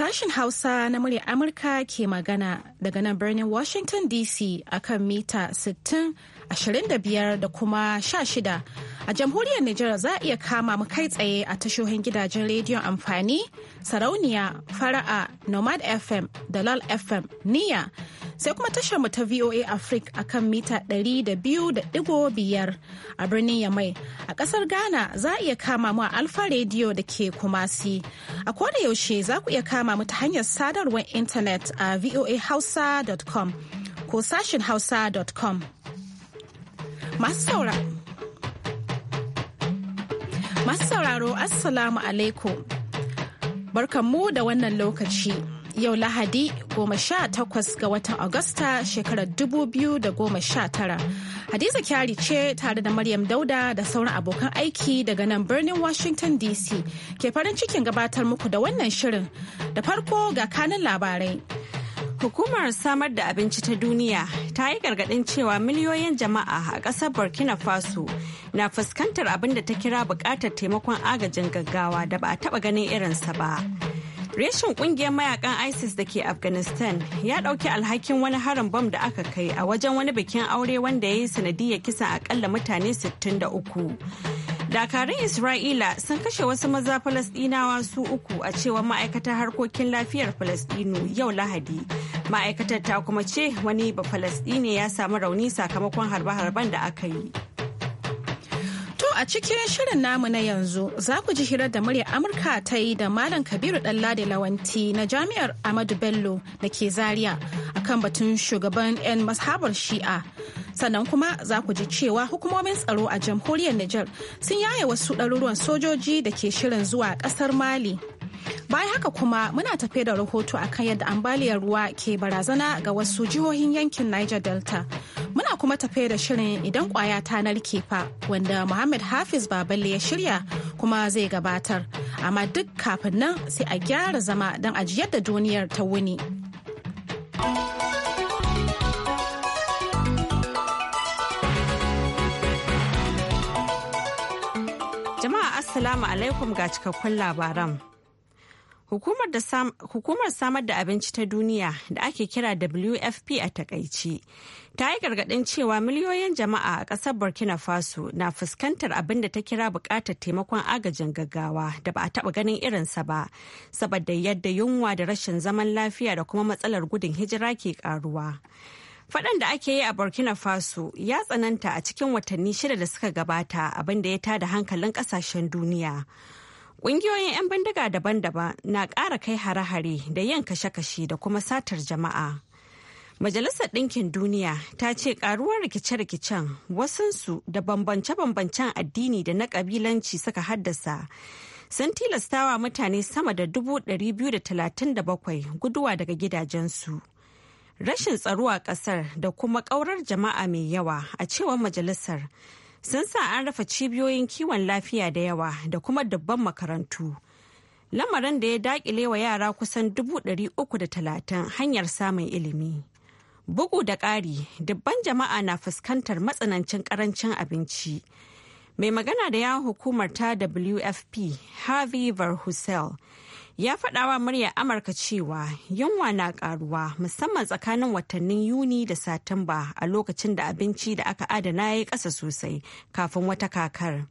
Sashen Hausa na muryar Amurka ke magana daga nan birnin Washington DC akan mita 60 25 da kuma 16. A jamhuriyar Nijar za a iya kama mu kai tsaye a tashohin gidajen rediyon amfani, sarauniya, fara'a, Nomad FM da LOL FM, niya. Sai kuma tashar mu ta VOA Africa a kan mita 200.5 a birnin Yamai. A ƙasar Ghana za a iya kama mu a Alfa rediyo da ke Kumasi. A koda yaushe za ku iya kama mu ta hanyar sadarwar intanet a voahausa.com ko sashin hausa.com. Masu sauraro. Masu sauraro Assalamu alaikum. Barkanmu da wannan lokaci. Yau Lahadi goma sha takwas ga watan Agusta shekarar dubu biyu da goma sha tara. Hadiza kyari ce tare da Maryam Dauda da sauran abokan aiki daga nan birnin Washington DC ke farin cikin gabatar muku da wannan shirin. Da farko ga kanin labarai. Hukumar samar da abinci ta duniya ta yi gargaɗin cewa miliyoyin jama'a a ƙasar Burkina Faso na fuskantar abin da ta kira buƙatar taimakon agajin gaggawa da ba a taɓa ganin irinsa ba. Reshin ƙungiyar mayakan ISIS da ke Afghanistan ya ɗauki alhakin wani harin bom da aka kai a wajen wani bikin aure wanda ya yi sanadiyar kisan akalla mutane 63. dakarun isra'ila sun kashe wasu maza falasɗinawa su uku a cewa ma'aikatar harkokin lafiyar falasɗinu yau lahadi ma'aikatar ta kuma ce wani ba falasdini ya samu rauni sakamakon harbe-harben da aka yi a cikin shirin namu na yanzu za ku ji hirar da murya amurka ta yi da malam kabiru ɗanladi lawanti na jami'ar amadu bello da ke zaria akan batun shugaban 'yan mashabar shi'a sannan kuma za ku ji cewa hukumomin tsaro a jamhuriyar Nijar sun yaye wasu ɗaruruwan sojoji da ke shirin zuwa ƙasar Mali. Bayan haka kuma muna tafe da rahoto a kan yadda ambaliyar ruwa ke barazana ga wasu jihohin yankin Niger Delta. Muna kuma tafe da shirin idan kwaya ta narke fa wanda Muhammad Hafiz Baballe ya shirya kuma zai gabatar. Amma duk kafin nan sai a gyara zama don ajiyar da duniyar ta wuni. Assalamu alaikum ga cikakkun labaran. Hukumar samar da abinci ta duniya da ake kira WFP a takaici ta yi gargaɗin cewa miliyoyin jama'a a ƙasar Burkina Faso na fuskantar abin da ta kira buƙatar taimakon agajin gaggawa da ba a taɓa ganin irinsa ba, saboda yadda yunwa da rashin zaman lafiya da kuma matsalar gudun hijira ke ƙaruwa. Faɗan da ake yi a Burkina Faso ya tsananta a cikin watanni shida da suka gabata abin da ya tada hankalin ƙasashen duniya. Ƙungiyoyin 'yan bindiga daban-daban na ƙara kai hare-hare da yin kashe-kashe da kuma satar jama'a. Majalisar Ɗinkin Duniya ta ce ƙaruwar rikice-rikicen wasansu da bambance-bambancen addini da na ƙabilanci suka haddasa sun tilastawa mutane sama da dubu ɗari biyu da da talatin bakwai guduwa daga gidajensu. rashin tsaro a ƙasar da kuma ƙaurar jama'a mai yawa a cewar majalisar sun sa an rafa cibiyoyin kiwon lafiya da yawa da kuma dubban makarantu lamarin da ya daƙile wa yara kusan dubu uku da talatin hanyar samun ilimi bugu da ƙari dubban jama'a na fuskantar matsanancin ƙarancin abinci mai magana da yawon hukumar ta wfp harvey verhusel ya faɗawa murya amurka cewa yunwa na karuwa musamman tsakanin watannin yuni da satumba a lokacin da abinci da aka adana ya yi ƙasa sosai kafin wata kakar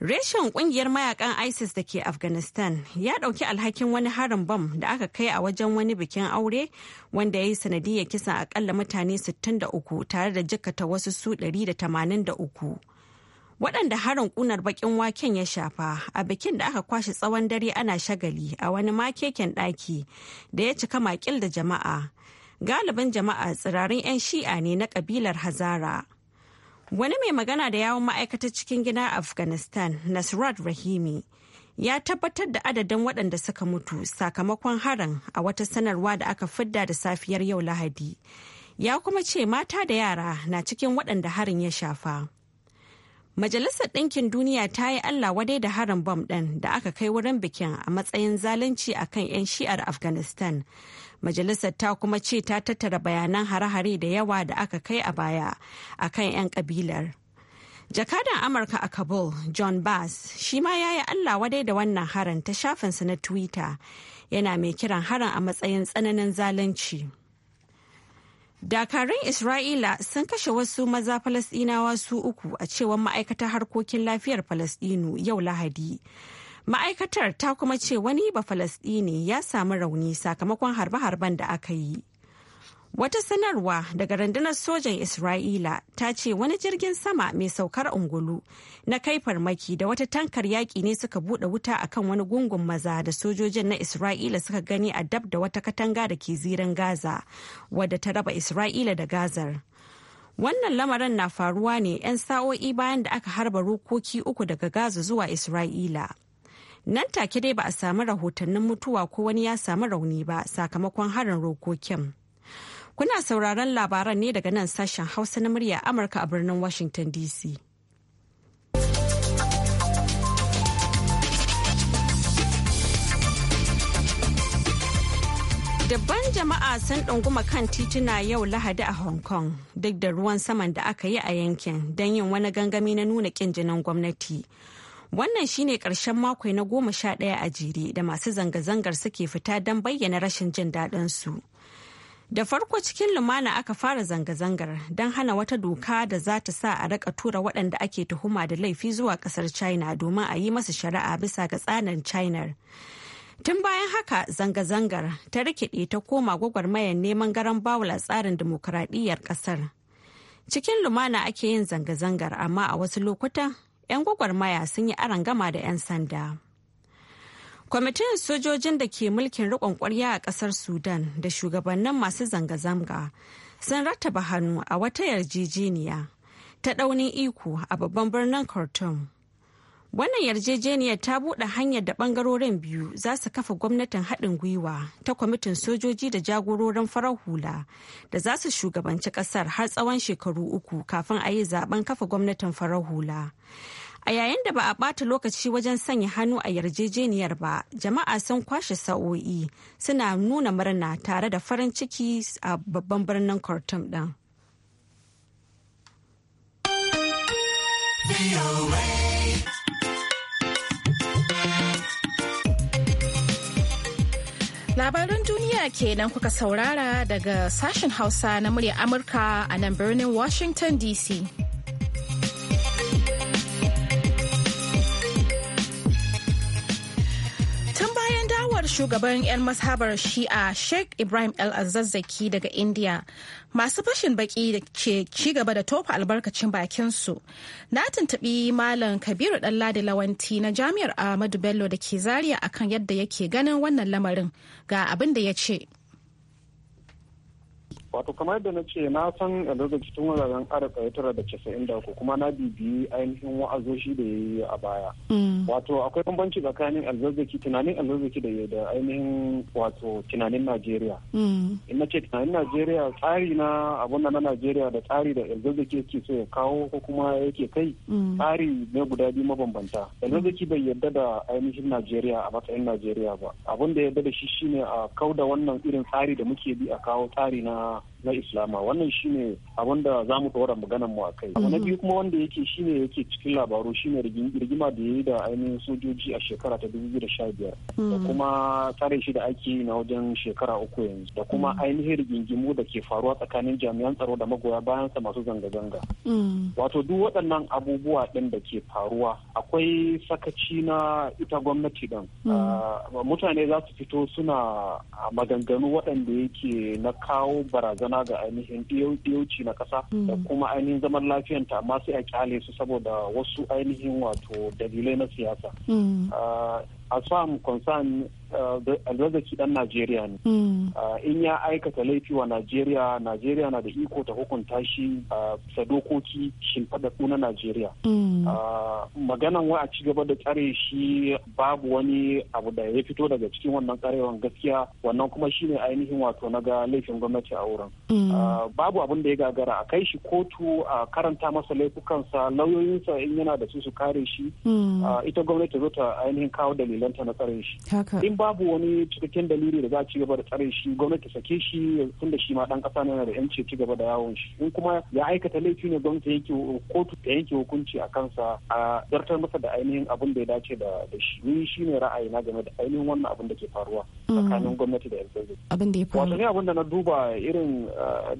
reshen kungiyar mayakan isis da ke afghanistan ya ɗauki alhakin wani harin bam da aka kai a wajen wani bikin aure wanda ya yi sanadiyar kisan akalla mutane 63 tare da jikata wasu su 183 waɗanda harin ƙunar baƙin waken ya shafa a bikin da aka kwashe tsawon dare ana shagali a wani makeken ɗaki da ya cika makil da jama'a galibin jama'a tsirarin 'yan shi'a ne na ƙabilar hazara wani mai magana da yawon ma'aikatar cikin gina afghanistan nasrat rahimi ya tabbatar da adadin waɗanda suka mutu sakamakon harin a wata sanarwa da aka fidda da safiyar yau lahadi ya kuma ce mata da yara na cikin waɗanda harin ya shafa. Majalisar Ɗinkin Duniya ta yi Allah wadai da harin bom ɗin da aka kai wurin bikin a matsayin zalunci a kan 'yan shi'ar Afghanistan. Majalisar ta kuma ce ta tattara bayanan hare-hare da yawa da aka kai a baya a kan 'yan ƙabilar. Jakadan Amurka a Kabul, John Bass, shi ma ya yi Allah wadai da wannan harin ta shafinsa na Twitter, yana mai kiran harin a matsayin tsananin zalunci. Dakarun Isra'ila sun kashe wasu maza Falasɗinawa su uku a cewar ma'aikatar harkokin lafiyar Falasɗinu yau Lahadi. Ma'aikatar ta kuma ce wani ba Falasɗini ya samu rauni sakamakon harbe-harben da aka yi. Wata sanarwa daga rundunar sojan Isra'ila ta ce wani jirgin sama mai saukar ungulu na kai farmaki da wata tankar yaƙi ne suka buɗe wuta a kan wani gungun maza da sojojin na Isra'ila suka gani a dab da wata katanga da ke ziren Gaza wadda ta raba Isra'ila da Gazar. Wannan lamarin na faruwa ne 'yan sa'o'i bayan da aka harba rokoki uku daga Gaza zuwa Isra'ila. Nan take dai ba a samu rahotannin mutuwa ko wani ya samu rauni ba sakamakon harin rokokin. Kuna sauraron labaran ne daga nan sashen Hausa na murya Amurka a birnin Washington DC. Dabban jama'a sun ɗunguma kan tituna yau Lahadi a Hong Kong duk da ruwan saman da aka yi a yankin don yin wani gangami na nuna ƙin jinin gwamnati. Wannan shine ƙarshen mako na goma sha ɗaya a jere da masu zanga-zangar suke fita don bayyana rashin jin daɗinsu. su. Da farko cikin lumana aka fara zanga-zangar don hana wata doka da za ta sa a raka tura waɗanda ake tuhuma da laifi zuwa ƙasar China domin a yi masa shari'a bisa ga tsanin China. Tun bayan haka zanga-zangar ta rikide ta koma gwagwarmayar neman garan bawula tsarin dimokuraɗiyyar ƙasar. Cikin lumana ake yin zanga-zangar amma a wasu lokutan 'yan gwagwarmaya sun yi arangama da 'yan sanda. kwamitin sojojin da ke mulkin riƙon ƙwarya a ƙasar sudan da shugabannin masu zanga-zanga sun rattaba hannu a wata yarjejeniya ta ɗaunin iko a babban birnin khartoum wannan yarjejeniyar ta buɗe hanyar da ɓangarorin biyu za su kafa gwamnatin haɗin gwiwa ta kwamitin sojoji da jagororin farar hula da za su shugabanci ƙasar har tsawon shekaru uku kafin a yi zaben kafa gwamnatin farar hula A yayin da ba a ɓata lokaci wajen sanya hannu a yarjejeniyar ba, jama'a sun kwashe sa'o'i suna nuna murna tare da farin ciki a babban birnin Khartoum ɗin. Labaran duniya kenan kuka saurara daga sashen Hausa na murya Amurka a nan birnin Washington DC. shugaban 'yan mashabar shi'a sheikh ibrahim el azazzaki daga india masu fashin baki da ke gaba da tofa albarkacin bakinsu na tuntubi malam kabiru ɗanladi lawanti na jami'ar ahmadu bello da ke zariya akan yadda yake ganin wannan lamarin ga abin da ya ce wato kamar yadda na ce na san daga cikin wuraren arka tara da casa'in da ko kuma na bibiyi ainihin wa'azoshi da ya yi a baya mm. wato akwai bambanci tsakanin alzazzaki tunanin alzazzaki da da ainihin wato tunanin najeriya mm. in na ce tunanin najeriya tsari na abun na najeriya da tsari da alzazzaki yake so ya kawo ko kuma yake kai mm. tsari ne guda biyu mabambanta alzazzaki bai yarda da ainihin najeriya a matsayin najeriya ba abun da ya yarda da shi shine a kauda wannan irin tsari da muke bi a kawo tsari na na islama wannan shine abin da za mu ɗora maganan mu a kai na mhm. biyu kuma wanda yake shine yake cikin labaru shine rigima da ya yi da ainihin sojoji a shekara ta dubu da sha biyar da mhm. kuma tare shi da ake na wajen shekara uku yanzu da kuma mhm. ainihin rigingimu da ke faruwa tsakanin jami'an tsaro da magoya bayan sa masu zanga-zanga wato duk waɗannan abubuwa ɗin da ke faruwa akwai sakaci na ita gwamnati ɗin ah, mutane za su fito suna maganganu waɗanda yake na kawo barazana barazana ga ainihin ɗiyauci na ƙasa mm. da kuma ainihin zaman lafiyanta amma sai a kyale su saboda wasu ainihin wato dalilai na siyasa mm. ah, A sa I'm concerned, uh, dan Najeriya ne. Hmm. Uh, in ya aikata laifi wa Najeriya, Najeriya na da iko ta hukunta shi uh, bisa dokoki shimfaɗaɗɗu na Najeriya. Hmm. Maganan wa a ci gaba da tsare shi babu wani abu da ya fito daga cikin wannan tsarewan gaskiya wannan kuma shi ne ainihin wato na ga laifin gwamnati a wurin. Hmm. Babu abin da ya gagara a kai shi kotu a karanta masa laifukansa lauyoyinsa in yana da su su kare shi. Ita gwamnati zo ta ainihin kawo dalilai inganta na tsarin shi in babu wani cikakken dalili da za a ci gaba da tsarin shi gwamnati sake shi tunda shi ma dan kasa yana da yanci ci gaba da yawon shi in kuma ya aikata laifi ne gwamnati yanke kotu ta yanke hukunci a kansa a zartar masa da ainihin abin da ya dace da shi ni shi ne ra'ayina game da ainihin wannan abin da ke faruwa mm. tsakanin gwamnati da yanzu abin da ya faru wato ne abin da na duba irin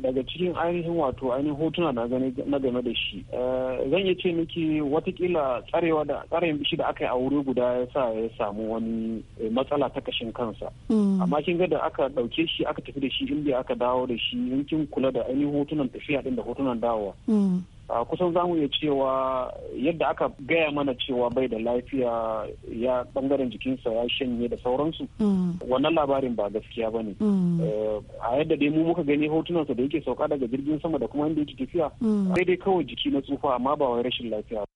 daga cikin ainihin wato ainihin hotuna na gani na game da shi zan iya ce miki watakila tsarewa da tsarewa shi da aka yi a wuri guda ya sa ya sa samu wani eh, matsala ta kashin kansa hmm. amma kin ga da aka dauke shi aka tafi da shi inda aka dawo da shi yankin kula da ainihin hotunan tafiya din da hotunan dawowa hmm. a kusan zamu iya cewa yadda aka gaya mana cewa bai da lafiya ya bangaren jikinsa ya shanye da sauransu hmm. wannan labarin ba gaskiya ba ne eh, a yadda dai mu muka gani hotunansa da yake sauka daga jirgin sama da kuma inda yake tafiya daidai kawai jiki na tsufa amma ba wai rashin lafiya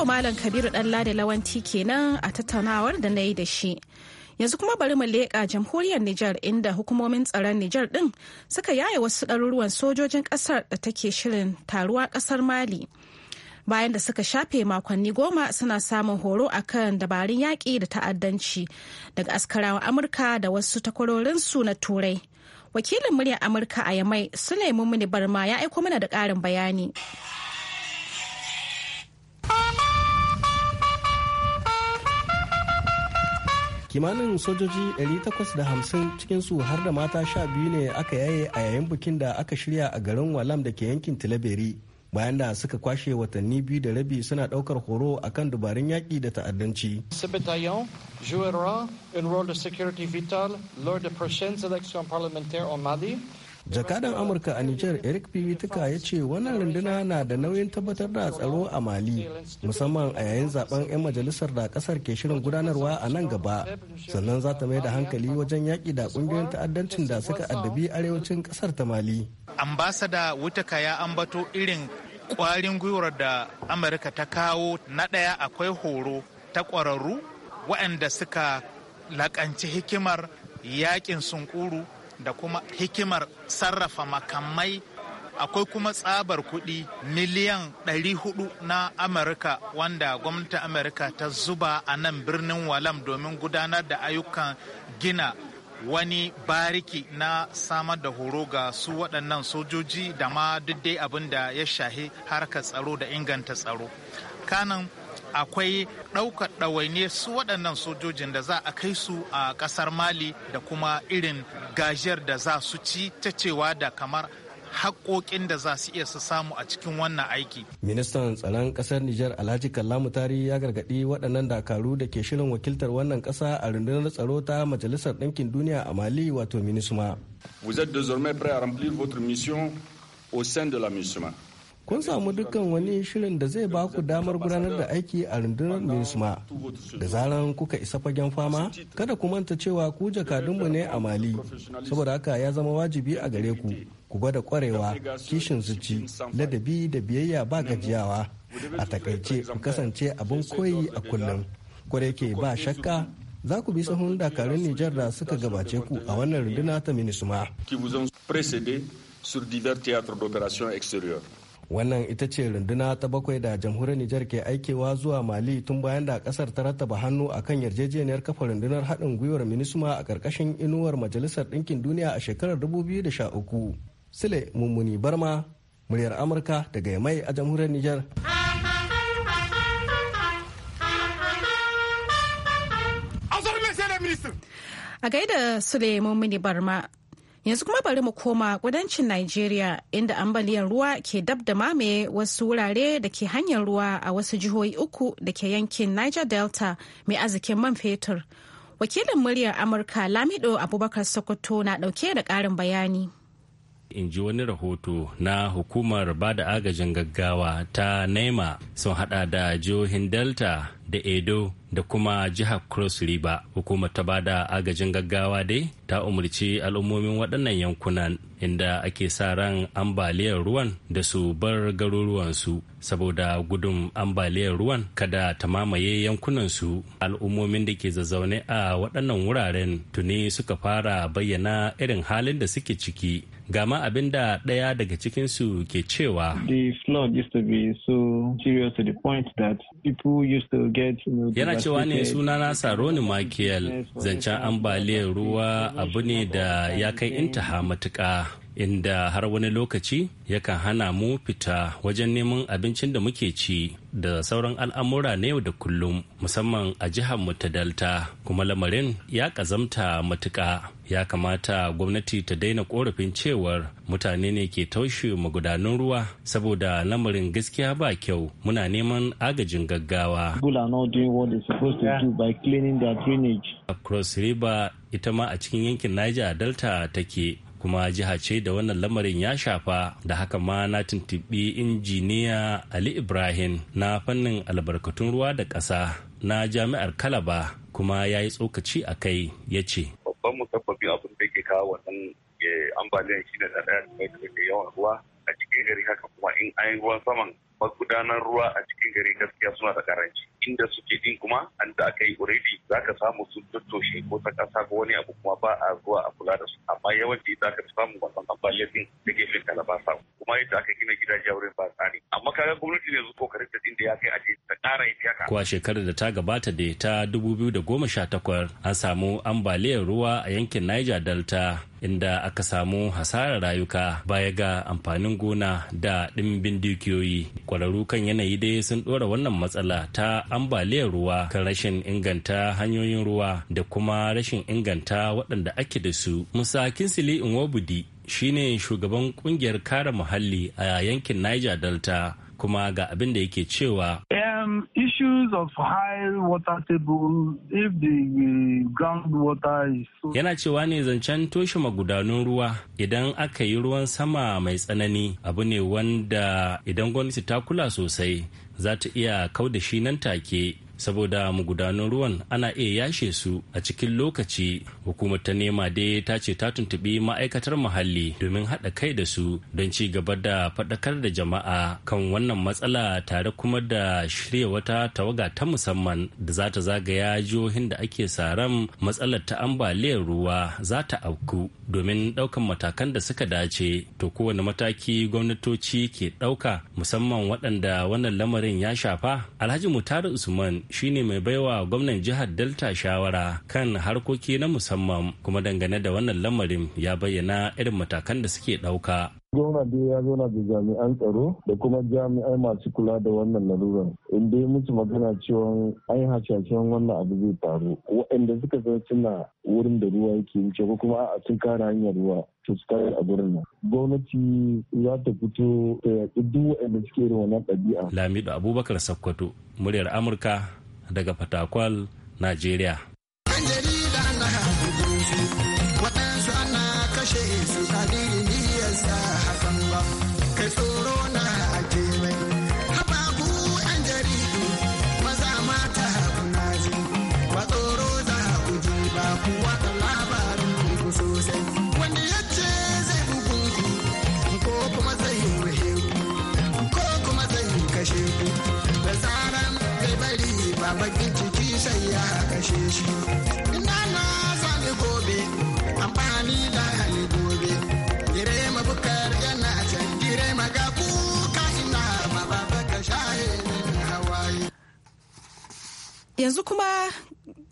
To Malam Kabiru Ɗanladi Lawanti kenan a tattaunawar da na yi da shi. Yanzu kuma bari mu leƙa jamhuriyar Nijar inda hukumomin tsaron Nijar ɗin suka yaye wasu ɗaruruwan sojojin ƙasar da take shirin taruwa ƙasar Mali. Bayan da suka shafe makonni goma suna samun horo akan dabarun yaƙi da ta'addanci daga askarawan Amurka da wasu takwarorinsu na Turai. Wakilin muryar Amurka a Yamai Sulaimu Mini Barma ya aiko mana da ƙarin bayani. kimanin sojoji 850 cikinsu har da mata sha biyu ne aka yaye a yayin bikin da aka shirya a garin walam da ke yankin tilaberi bayan da suka kwashe watanni biyu da rabi suna daukar horo akan dubarun yaƙi da ta'addanci. jouera un rôle de security vital lors de prochaines élections parlementaires au Mali jakadan amurka a niger eric pimituka ya ce wannan runduna na da nauyin tabbatar da tsaro a mali musamman a yayin zaben 'yan majalisar da kasar ke shirin gudanarwa a nan gaba sannan za ta mai da hankali wajen yaki da ƙungiyoyin ta'addancin da suka addabi arewacin kasar ta mali ambasada wutaka ya ambato irin kwarin gwiwar da amurka ta kawo na ɗaya akwai horo ta ƙwararru waɗanda suka lakanci hikimar yakin sunkuru da kuma hikimar sarrafa makamai akwai kuma tsabar kuɗi miliyan 400 na amurka wanda gwamnatin amurka ta zuba a nan birnin walam domin gudanar da ayyukan gina wani bariki na samar da horo ga su waɗannan sojoji da ma duk dai abin da ya shahi harkar tsaro da inganta tsaro kanan akwai ɗaukar ɗawaine su waɗannan sojojin da za a kai su a ƙasar mali da kuma irin gajiyar da za su ci ta cewa da kamar haƙoƙin da za su iya su samu a cikin wannan aiki. Ministan tsaron ƙasar Nijar Alhaji Kallamu Tari ya gargaɗi waɗannan dakaru da ke shirin wakiltar wannan ƙasa a rundunar tsaro ta Majalisar Ɗinkin Duniya a Mali wato minisma. Vous êtes désormais à mission au sein de la kun samu dukkan wani shirin da zai ba ku damar gudanar da aiki a rundunar minisma da zaran kuka isa fagen fama kada ku manta cewa ku jakadunmu ne a mali saboda haka ya zama wajibi a gare ku ku gwada kwarewa kishin zuci ladabi da biyayya ba gajiyawa a takaice ku kasance abin koyi a kullum kwarai ke ba shakka za ku bi sahun dakarun nijar da suka gabace ku a wannan runduna ta minisma sur divers théâtres d'opération extérieures. wannan ita ce runduna ta bakwai da jamhuriyar nijar ke aikewa zuwa mali tun bayan da kasar ta rattaba hannu akan yarjejeniyar kafa rundunar haɗin gwiwar minisma a ƙarƙashin inuwar majalisar ɗinkin duniya a shekarar 2013 sile mummuni barma muryar amurka daga mai a jamhuriyar nijar a gaida sule Mini barma Yanzu kuma bari mu koma kudancin Najeriya inda ambaliyar ruwa ke dab da mamaye wasu wurare da ke hanyar ruwa a wasu jihohi uku da ke yankin Niger Delta mai arzikin man fetur. Wakilin muryar Amurka Lamido Abubakar Sokoto na dauke da karin bayani. in ji wani rahoto na hukumar ba da agajin gaggawa ta nema sun hada da jihohin delta da edo da kuma jihar cross river hukumar ta ba da agajin gaggawa dai ta umarci al'ummomin waɗannan yankunan inda ake sa ran ambaliyar ruwan da su bar garuruwansu saboda gudun ambaliyar ruwan kada ta mamaye yankunansu al'ummomin da ke zazzaune a waɗannan wuraren tuni suka fara bayyana irin halin da suke ciki Gama abin da ɗaya daga cikinsu ke cewa. The flood used to that people used Yana cewa ne sunana Saroni Michael zancen ambaliyar ruwa abu ne da ya kai intaha matuƙa. inda har wani lokaci yakan hana mu fita wajen neman abincin da muke ci da sauran al'amura na yau da kullum musamman a jihar mu ta delta kuma lamarin ya kazamta matuka ya kamata gwamnati ta daina korafin cewar mutane ne ke taushe magudanun ruwa saboda lamarin gaskiya ba kyau muna neman agajin gaggawa cross river ita ma a cikin yankin niger delta take kuma jiha ce da wannan lamarin ya shafa da haka ma na tuntuɓi injiniya ali ibrahim na fannin albarkatun ruwa da ƙasa na jami'ar kalaba kuma ya yi tsokaci a kai ya ce babban musabbabin abin da ke kawo wannan eh, ambaliyar shi da ɗaya da yawan ruwa a cikin gari haka kuma in an ruwan saman magudanar ruwa a cikin gari gaskiya suna da karanci lokacin da suke din kuma an da aka yi already za ka samu sun tattoshe ko ta kasa ko wani abu kuma ba a zuwa a kula da su amma yawanci za ka samu wasan ambaliyar din da fin kalabasa kuma yadda aka gina gidaje wurin ba tsari amma kaga gwamnati ne kokarin da din da ya kai aje ta kara yi haka Kuwa shekarar da ta gabata da ta 2018 an samu ambaliyar ruwa a yankin Niger Delta inda aka samu hasarar rayuka baya ga amfanin gona da ɗimbin dukiyoyi kwararru kan yanayi dai sun ɗora wannan matsala ta ambaliyar ruwa kan rashin inganta hanyoyin ruwa da kuma rashin inganta waɗanda ake da su musa kinsili shi shine shugaban ƙungiyar kare muhalli a yankin niger delta kuma ga abin da yake cewa um, issues of high water table if the Yana cewa ne zancen toshe magudanun ruwa idan aka yi ruwan sama mai tsanani abu ne wanda idan gwamnati ta kula sosai za ta iya kau da shi nan take saboda magudanun ruwan ana iya yashe su a cikin lokaci hukumar ta nema dai ta ce ta tuntubi ma'aikatar muhalli domin haɗa kai da su don ci gaba da faɗakar da jama'a kan wannan matsala tare kuma da shirya wata tawaga ta musamman da za ta zagaya jihohin da ake saran matsalar ta ambaliyar ruwa za ta auku domin ɗaukan matakan da suka dace to kowane mataki gwamnatoci ke ɗauka musamman waɗanda wannan lamarin ya shafa alhaji Mutar usman shine mai baiwa gwamnan jihar Delta shawara kan harkoki na musamman kuma dangane da wannan lamarin ya bayyana irin matakan da suke ɗauka. Gwamna dai ya zauna da jami'an tsaro da kuma jami'ai masu kula da wannan larurar In ya mutu magana cewa an yi hasashen wannan abu zai faru. Waɗanda suka san suna wurin da ruwa yake wuce ko kuma a sun kare hanyar ruwa to su kare a gurin nan. Gwamnati za ta fito ta yaƙi duk waɗanda suke irin wannan ɗabi'a. lamidu Abubakar Sakkwato, muryar Amurka daga fatakwal najeriya Yanzu kuma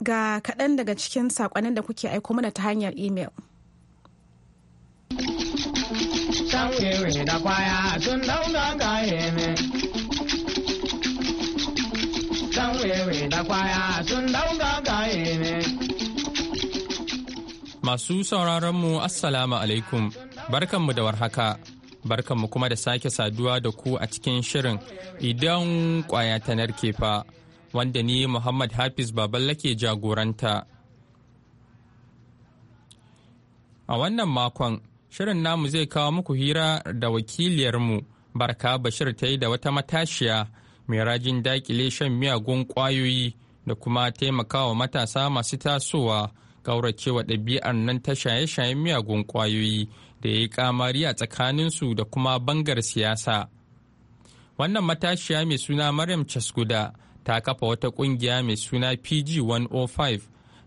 ga kaɗan daga cikin saƙonin da kuke aiko mana ta hanyar imel. Masu sauraronmu Assalamu alaikum, barkanmu da warhaka. Barkanmu kuma da sake saduwa da ku a cikin shirin idan kwaya ta narke fa wanda ni Muhammad Hafiz Baballa ke jagoranta. A wannan makon, shirin namu zai kawo muku hira da wakiliyarmu Barka Bashir ta yi da wata matashiya mai rajin dakile shan miyagun ƙwayoyi da kuma taimakawa matasa masu tasowa ƙauracewa ɗabi'ar nan ta shaye-shayen miyagun ƙwayoyi da ya yi kamari a tsakaninsu da kuma bangar siyasa. Wannan matashiya mai suna Maryam Casguda. ta kafa wata kungiya mai suna pg 105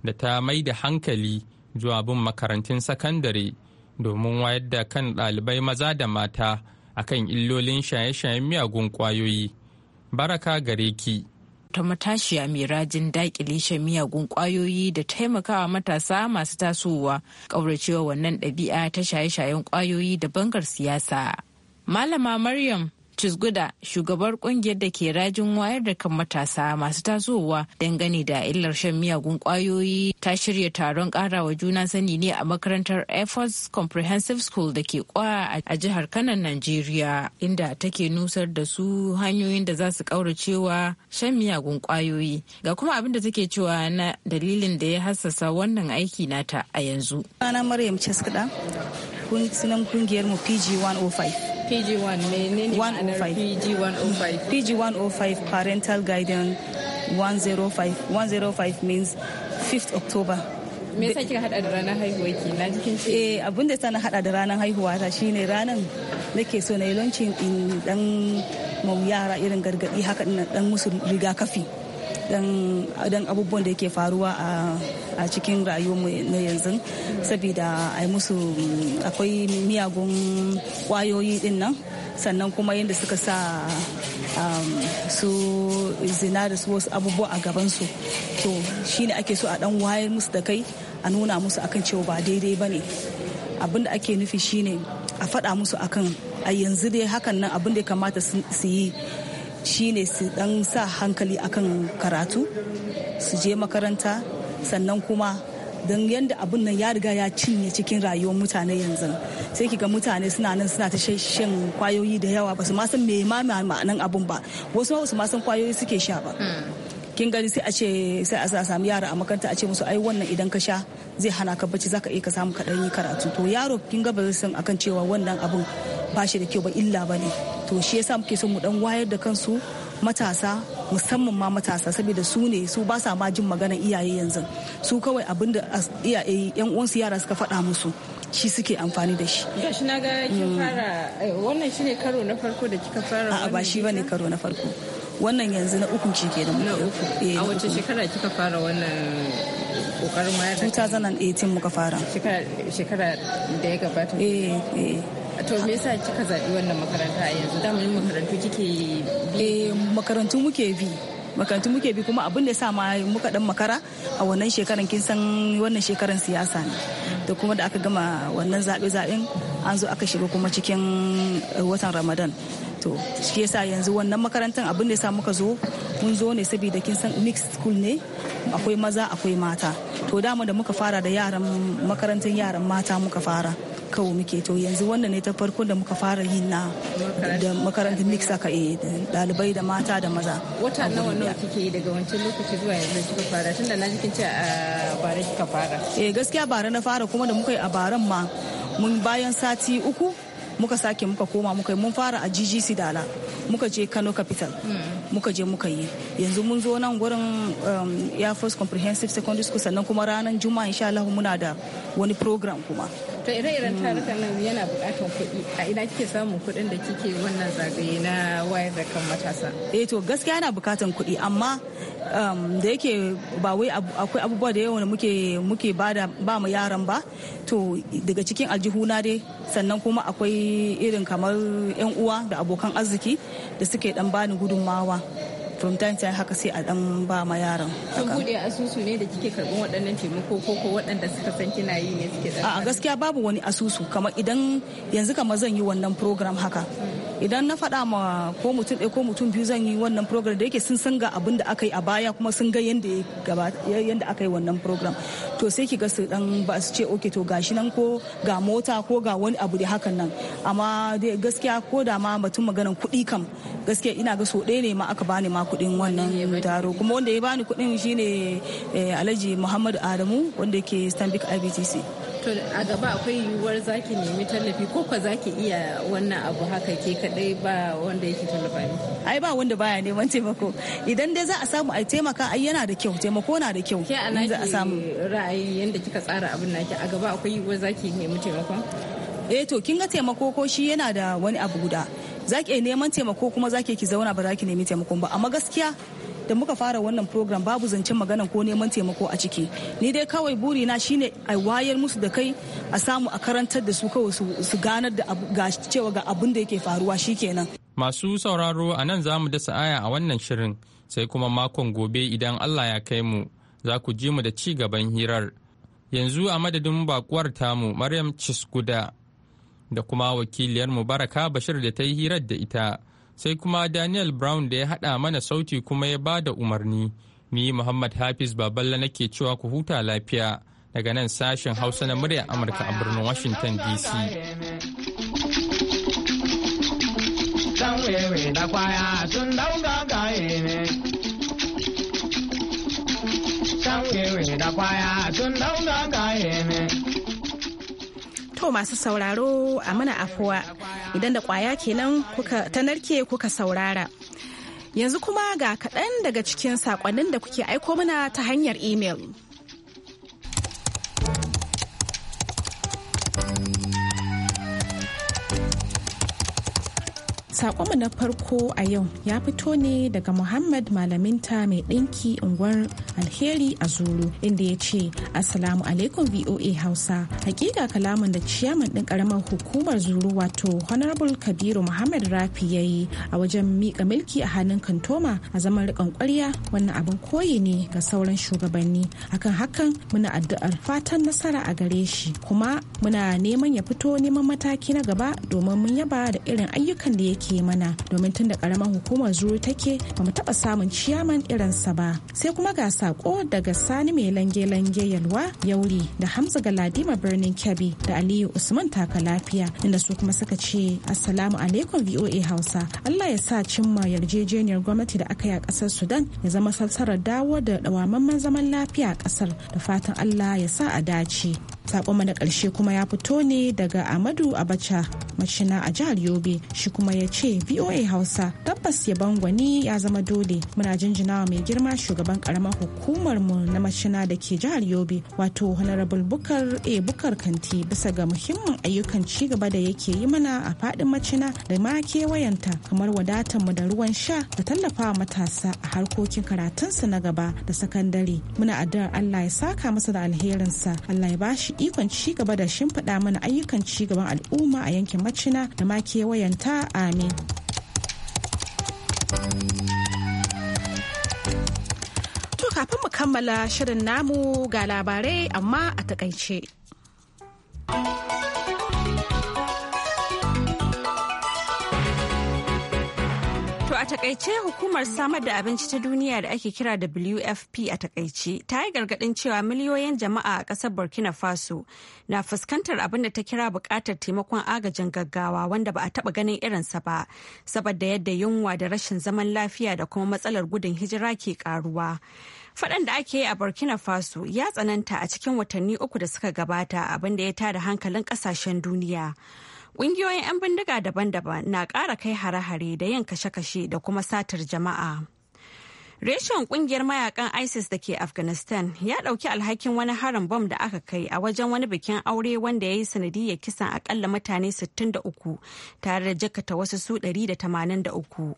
da ta mai da hankali zuwa bin makarantun sakandare domin wayar da kan ɗalibai maza da mata a kan illolin shaye-shayen miyagun ƙwayoyi baraka gare ki ta matashiya mai rajin daƙile shan miyagun ƙwayoyi da taimakawa matasa masu tasowa ƙauracewa wannan ɗabi'a ta shaye-shayen ƙwayoyi da bangar siyasa. Malama Maryam Chisguda shugabar kungiyar da ke rajin wayar da kan matasa masu tasowa dangane da illar shan miyagun kwayoyi ta shirya taron karawa juna sani ne a makarantar Air Force Comprehensive School da ke kwa a jihar Kanan Najeriya inda take nusar da su hanyoyin da za su kauracewa shan miyagun kwayoyi ga kuma abin da take cewa na dalilin da ya hassasa wannan aiki nata a yanzu. Ana Maryam Chisguda, sunan kungiyar mu PG 105. PG1 PG105 PG105 parental guidance 105 105 means 5th October me yasa kika hada da ranar haihuwa ki na cikin ce eh abin da sana hada da ranar haihuwa ta shine ranan nake so na yi launching in dan mau yara irin gargadi haka dan musu rigakafi dan abubuwan da yake faruwa a cikin rayuwarmu na yanzu saboda a musu akwai miyagun kwayoyi din nan sannan kuma yadda suka sa um, su zina da su wasu abubuwa a gabansu to shine ake so a dan wayar musu da kai a nuna musu akan cewa ba daidai ba ne abinda ake nufi shine a faɗa musu akan a yanzu dai hakan nan abin da ya kamata su yi shine su dan sa hankali akan karatu su je makaranta sannan kuma don yadda abun nan ya riga ya cinye cikin rayuwar mutane yanzu sai kiga mutane suna nan suna ta shan kwayoyi da yawa ba su ma san me ma'anan abun ba wasu su ma san kwayoyi suke sha ba hmm. kin gani sai a ce sai a samu yara a makaranta a ce musu ai wannan idan ka sha zai hana ka bacci zaka iya ka samu kaɗan yi karatu to yaro kin ga ba zai san akan cewa wannan abun ba shi da kyau ba illa ba ne to shi yasa muke son mu dan wayar da kansu matasa musamman ma matasa saboda su ne su ba sa ma jin magana iyaye yanzu su kawai abinda iyaye yan uwansu yara suka faɗa musu shi suke amfani da shi. Gashi na ga kin mm. fara eh, wannan shine karo na farko da kika fara A'a ba shi bane karo na farko. Wannan yanzu na uku ce ke da mu. Na uku. Eh, A wace shekara kika fara wannan kokarin mayar da 2018 muka fara shekara da ya gabata eh eh to me yasa kika zaɓi wannan makaranta a yanzu damanin makarantu kike bi eh, makarantu muke bi makarantu muke bi kuma abin da sa ma muka dan makara a wannan shekaran kin san wannan shekaran siyasa ne da kuma da aka gama wannan zaɓe zaɓen an zo aka shiga kuma cikin eh, watan ramadan to shi yasa yanzu wannan makarantar abin da sa muka zo mun zo ne saboda kin san mixed school ne akwai maza akwai mata to dama da muka fara da yaran makarantar yaran mata muka fara kawo muke to yanzu wannan ne ta farko da muka fara yi na da makarantar mix aka yi eh, dalibai da mata da maza wata nawa nawa kike yi daga wancan lokaci zuwa yanzu kika fara tunda na jikin ce a ah, bare kika fara eh gaskiya bare na fara kuma da muka yi a baren ma mun bayan sati uku muka sake muka koma muka yi mun fara a ggc dala muka je kano capital hmm. muka je muka yi yanzu mun zo nan gurin um, air force comprehensive secondary school sannan kuma ranar juma'a insha Allah muna da wani program kuma to ire-iren tarukan nan yana bukatan kuɗi a ina kike samun kuɗin da kike wannan zagaye na wayar da kan matasa eh to gaskiya yana bukatar kuɗi amma um, da yake ba wai akwai abubuwa da yawa da muke muke bada ba mu yaran ba to daga cikin aljihuna dai sannan kuma akwai irin kamar yan uwa da abokan arziki da suke dan bani gudunmawa from time time haka sai a dan ba ma yaron kun bude asusu ne da kike karban waɗannan taimako ko ko waɗanda suka san kina yi ne suke a gaskiya babu wani asusu kamar idan yanzu kamar zan yi wannan program haka idan na faɗa ma ko mutum ɗaya ko mutum biyu zan yi wannan program da yake sun san ga abin da aka yi a baya kuma sun ga yadda aka yi wannan program to sai ki ga su dan ba su ce ok to gashi nan ko ga mota ko ga wani abu da hakan nan amma dai gaskiya ko da ma mutum maganan kuɗi kam gaskiya ina ga so ɗaya ne ma aka bani ma kuɗin wannan taro kuma wanda ya bani kuɗin shine eh, Alhaji Muhammadu Adamu wanda ke Stanbic IBTC. to a gaba akwai yiwuwar zaki nemi tallafi ko ka zaki iya wannan abu haka ke kadai ba wanda yake tallafa miki ai ba wanda baya neman taimako idan dai za a samu ai taimaka ai yana da kyau taimako na da kyau ke a samu ra'ayi yanda kika tsara abin naki a gaba akwai yiwuwar zaki nemi taimako eh to kin ga taimako ko shi yana da wani abu guda zaki neman taimako kuma zaki ki zauna ba zaki nemi taimakon ba amma gaskiya da muka fara wannan program babu zancen magana ko neman taimako a ciki ni dai kawai buri na shine a wayar musu da kai a samu a karantar da su kawai su ganar da ga cewa ga abin da yake faruwa shikenan masu sauraro a nan za mu dasa aya a wannan shirin sai kuma makon gobe idan allah ya kai mu za ku ji mu da ci gaban hirar yanzu a madadin bakuwar tamu maryam chiskuda da kuma wakiliyar mu baraka bashir da ta yi hirar da ita sai kuma Daniel Brown da ya haɗa mana sauti kuma ya ba da umarni. Ni Muhammad Hafiz Baballa nake cewa ku huta lafiya daga nan sashen Hausa na muryar Amurka a birnin Washington DC. Can wewe da kwaya sun daunga gaye ne. To masu sauraro a mana afuwa idan da kwaya kenan ta narke kuka saurara. Yanzu kuma ga kaɗan daga cikin saƙonnin da kuke aiko mana ta hanyar imel. Sakonmu na farko a yau ya fito ne daga Muhammad Malaminta mai ɗinki unguwar Alheri a Zuru inda ya ce Assalamu alaikum VOA Hausa. Hakika kalamin da ciyaman ɗin ƙaramar hukumar Zuru wato Honorable Kabiru Muhammad Rafi ya yi a wajen miƙa milki a hannun Kantoma a zaman riƙon ƙwarya wannan abin koyi ne ga sauran shugabanni. Akan hakan muna addu'ar fatan nasara a gare shi kuma muna neman ya fito neman mataki na gaba domin mun yaba da irin ayyukan da yake ke mana domin tun da karamar hukumar zuru take ba mu taba samun ciyaman irinsa ba sai kuma ga sako daga sani mai lange-lange yalwa yauri da hamza galadima birnin kebbi da aliyu usman taka lafiya inda su kuma suka ce assalamu alaikum voa hausa allah ya sa cimma yarjejeniyar gwamnati da aka yi a kasar sudan ya zama sassarar dawo da dawamamman zaman lafiya a kasar da fatan allah ya sa a dace sakon mana karshe kuma ya fito ne daga amadu abacha mashina a jihar yobe shi kuma ya ce VOA Hausa tabbas yabon gwani ya zama dole muna jinjinawa mai girma shugaban karamar hukumar mu na mashina da ke jihar Yobe wato Honorable Bukar A eh, Bukar Kanti bisa ga muhimmin ayyukan ci gaba da yake yi mana a fadin mashina da ma kewayenta kamar wadatar mu da ruwan sha da tallafawa matasa a harkokin karatunsa na gaba da sakandare muna addu'ar Allah ya saka masa da alherinsa Allah ya bashi ikon ci gaba da shimfiɗa mana ayyukan ci gaban al'umma a yankin macina da ma kewayenta amin ne. To kafin mu kammala shirin namu ga labarai amma a takaice. a takaice hukumar samar da abinci ta duniya da ake kira WFP a takaice ta yi gargadin cewa miliyoyin jama'a a ƙasar Burkina Faso na fuskantar abin da ta kira buƙatar taimakon agajin gaggawa wanda ba a taba ganin irinsa ba saboda yadda yunwa da rashin zaman lafiya da kuma matsalar gudun hijira ke karuwa. Faɗan da ake yi a Burkina Faso ya tsananta a cikin watanni uku da suka gabata abin da ya tada hankalin ƙasashen duniya. Ƙungiyoyin 'yan bindiga daban-daban na ƙara kai hare-hare da yin kashe-kashe da kuma satar jama'a. Reshen ƙungiyar mayakan ISIS da ke Afghanistan ya ɗauki alhakin wani harin bom da aka kai a wajen wani bikin aure wanda ya yi sanadiyar kisan akalla mutane 63 tare da jakata wasu su 183.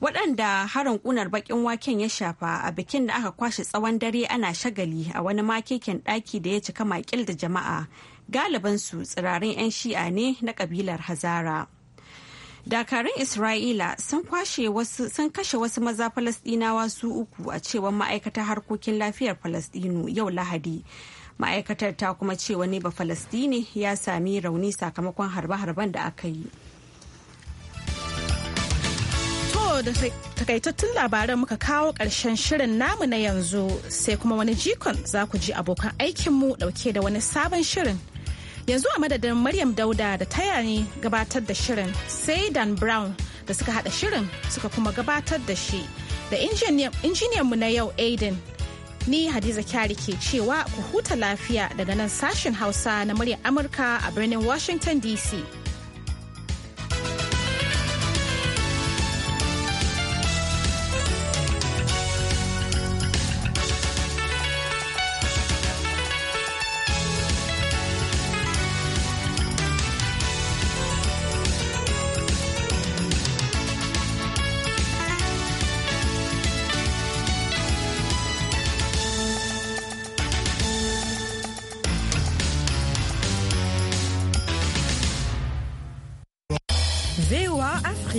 Waɗanda harin ƙunar bakin waken ya shafa a bikin da aka kwashe tsawon dare ana shagali a wani makeken ɗaki da ya cika makil da jama'a galibansu tsirarin 'yan shi'a ne na kabilar hazara dakarun isra'ila sun kashe wasu maza falasdinawa su uku a cewar ma'aikatar harkokin lafiyar falasdinu yau lahadi ma'aikatar ta kuma ce wani ba falasdini ya sami rauni sakamakon harbe-harben da aka yi da takaitattun labaran muka kawo ƙarshen shirin namu na yanzu sai kuma wani jikon za ku ji abokan aikinmu ɗauke da wani sabon shirin yanzu a madadin maryam dauda da taya ne gabatar da shirin sai dan brown da suka hada shirin suka kuma gabatar da shi da injiniyanmu na yau aiden ni hadiza kyari ke cewa ku huta lafiya daga nan sashen hausa na muryar amurka a birnin washington dc